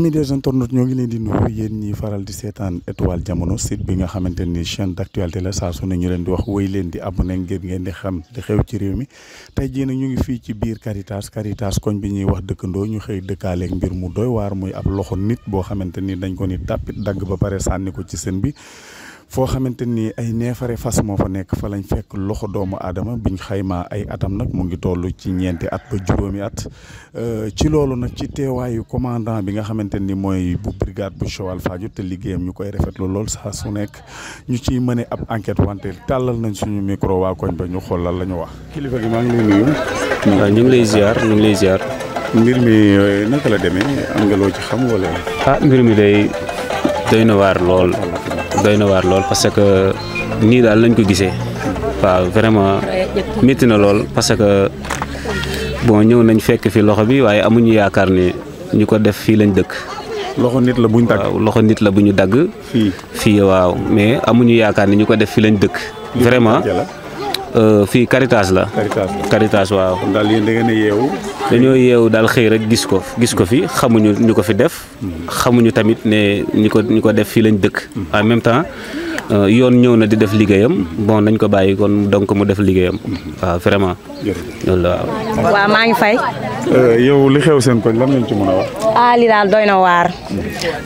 amis des internautes ñoo ngi leen di nuyu yéen ñi faral di seetaan étoile jamono site bi nga xamante ni chaîne d'actualité la saa su ñu leen di wax wéy leen di abonné ngir ngeen di xam di xew ci réew mi tey jii nag ñu ngi fii ci biir Caritas Caritas koñ bi ñuy wax dëkkandoo ñu xëy dëkkaaleeg mbir mu doy waar muy ab loxo nit boo xamante ni dañ ko ni tàppit dagg ba pare sànni ko ci sën bi fo xamanteni ay neefare fas mo fa nek fa lañ fekk loxo doomu adama biñ xayma ay atam nak mu ngi tollu ci ñeenti at ba juroomi at euh, ci lolu nak ci teewaayu commandant bi nga xamanteni moy bu brigade bu cheval Fadiouth te liggéeyam ñukoy koy rafetlu lool sa su nek ñu ci mëne ab enquête wante talal nañ suñu micro wa koñ ba ñu xool la wax. kilifa gi ma ngi lay nuyu. ñu lay ziar ñu lay ziar. mbir mi euh, naka la démé am nga lo ci xam wala. ah mbir mi day. doy na waar lool na waar lool parce que nii daal lañ ko gisee waaw vraiment métti na lool parce que bon ñëw nañ fekk fi loxo bi waaye amuñu yaakaar ne ñu ko def fii lañ dëkk. loxo nit la bu ñu dagg loxo nit la bu ñu dagg. fii fii waaw mais amuñu yaakaar ne ñu ko def fii lañ dëkk. vraiment. Euh, fii Caritas la. Caritas la Caritas waaw. kon daal yéen a yeewu. dañoo yeewu daal xëy rek gis ko gis ko fi xamuñu ñu ko fi def. Hmm. xamuñu tamit ne ñi ko ñi ko def fii lañ dëkk. Hmm. en même temps euh, yoon ñëw na di def liggéeyam hmm. bon nañ ko bàyyi kon donc mu def liggéeyam. waaw vraiment. la waaw. maa ngi fay. Euh, yow li xew seen koñ lan ci mën a wax. ah li daal doy na waar.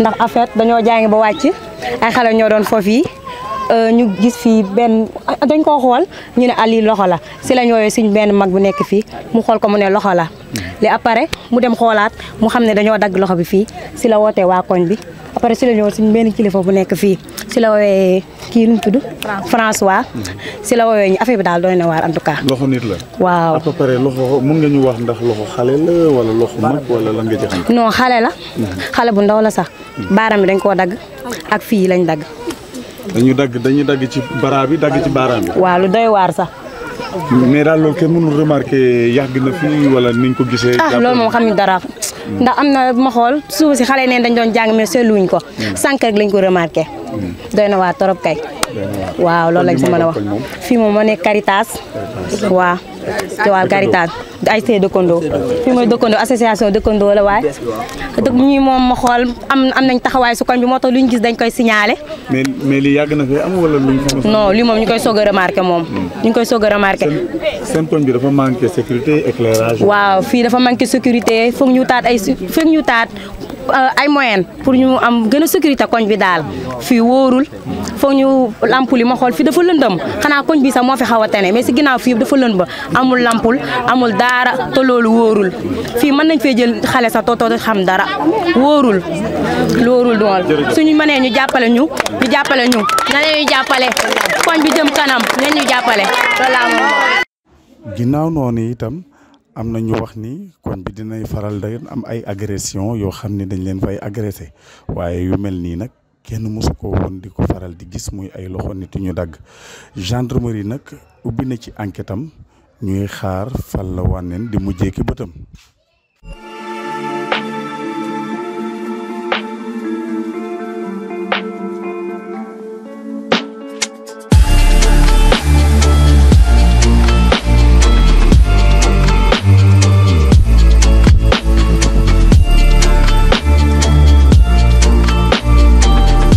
ndax en dañoo jàng ba wàcc ay xale ñoo doon foofu ñu gis fii benn dañ ko xool ñu ne ali ah, loxo la si lañ woowee suñ benn mag bu nekk fii mu xool ko mu ne loxo la li après mu dem xoolaat mu xam ne dañoo Sila loxo bi fii si la wootee waa koñ bi après si la ñëw suñ benn kilifa bu nekk fii si la woowee kii nu tudd François mhm. si la woowee ñu affaire bi daal doy na waar en tout cas loxo nit la waaw à loxo mun nga ñu wax ndax loxo xale la wala loxo mag wala la nga ci non la mhm. bu ndaw la sax mhm. bi dañ ak lañ dañu dagg dañu dagg ci bara bi dagg ci baaraam bi. waaw lu doy waar sax. mais daal loolu kenn mënul remarqué yàgg na fii wala niñ ko gisee. ah loolu moom xam ni dara ndax am na ma xool suuf si xale neen dañ doon jàng mais seetluwuñ ko. Hmm. sànq rek lañ ko remarqué. Hmm. doy na waar torop kay. waaw loolu lañ si mën a wax fii moom moo nekk Caritas waa Joal Caritas ay see dëkkandoo fi mooy dëkkandoo association dëkkandoo la waaye dëkk ñi moom ma xool am am nañ taxawaay su koñ bi moo tax lu ñu gis dañ koy signalé mais mais li yàgg na fi am wala lu non lii moom ñu koy soog a remarqué moom hmm. ñu koy soog a remarqué seen koñ bi dafa manqué sécurité waaw fii dafa manqué sécurité foog ñu taat ay foog ñu taat Euh, ay moyen pour ñu am gën a sécurité koñ bi daal fi woorul foog ñu lampul yi ma xool fii dafa lëndëm xanaa koñ bi sax moo fi xaw a mais si ginnaaw fii dafa ba amul lampul amul daara te loolu wóorul fii mën nañ fee jël xale sax tootoo xam dara wóorul wóorul dool suñu mënee ñu jàppale ñu ñu jàppale ñu na leen ñu jàppale koñ bi jëm kanam na ñu jàppale loolu laa noonu itam am na ñu wax ni koñ bi dinay faral da am ay agression yoo xam ne dañ leen fay agressé waaye yu mel nii nag kenn mosu ko woon di ko faral di gis muy ay loxo nit ñu dagg gendarmerie nag ubbi na ci enquête am ñuy xaar fal la wànneen di mujjee ki bëtam.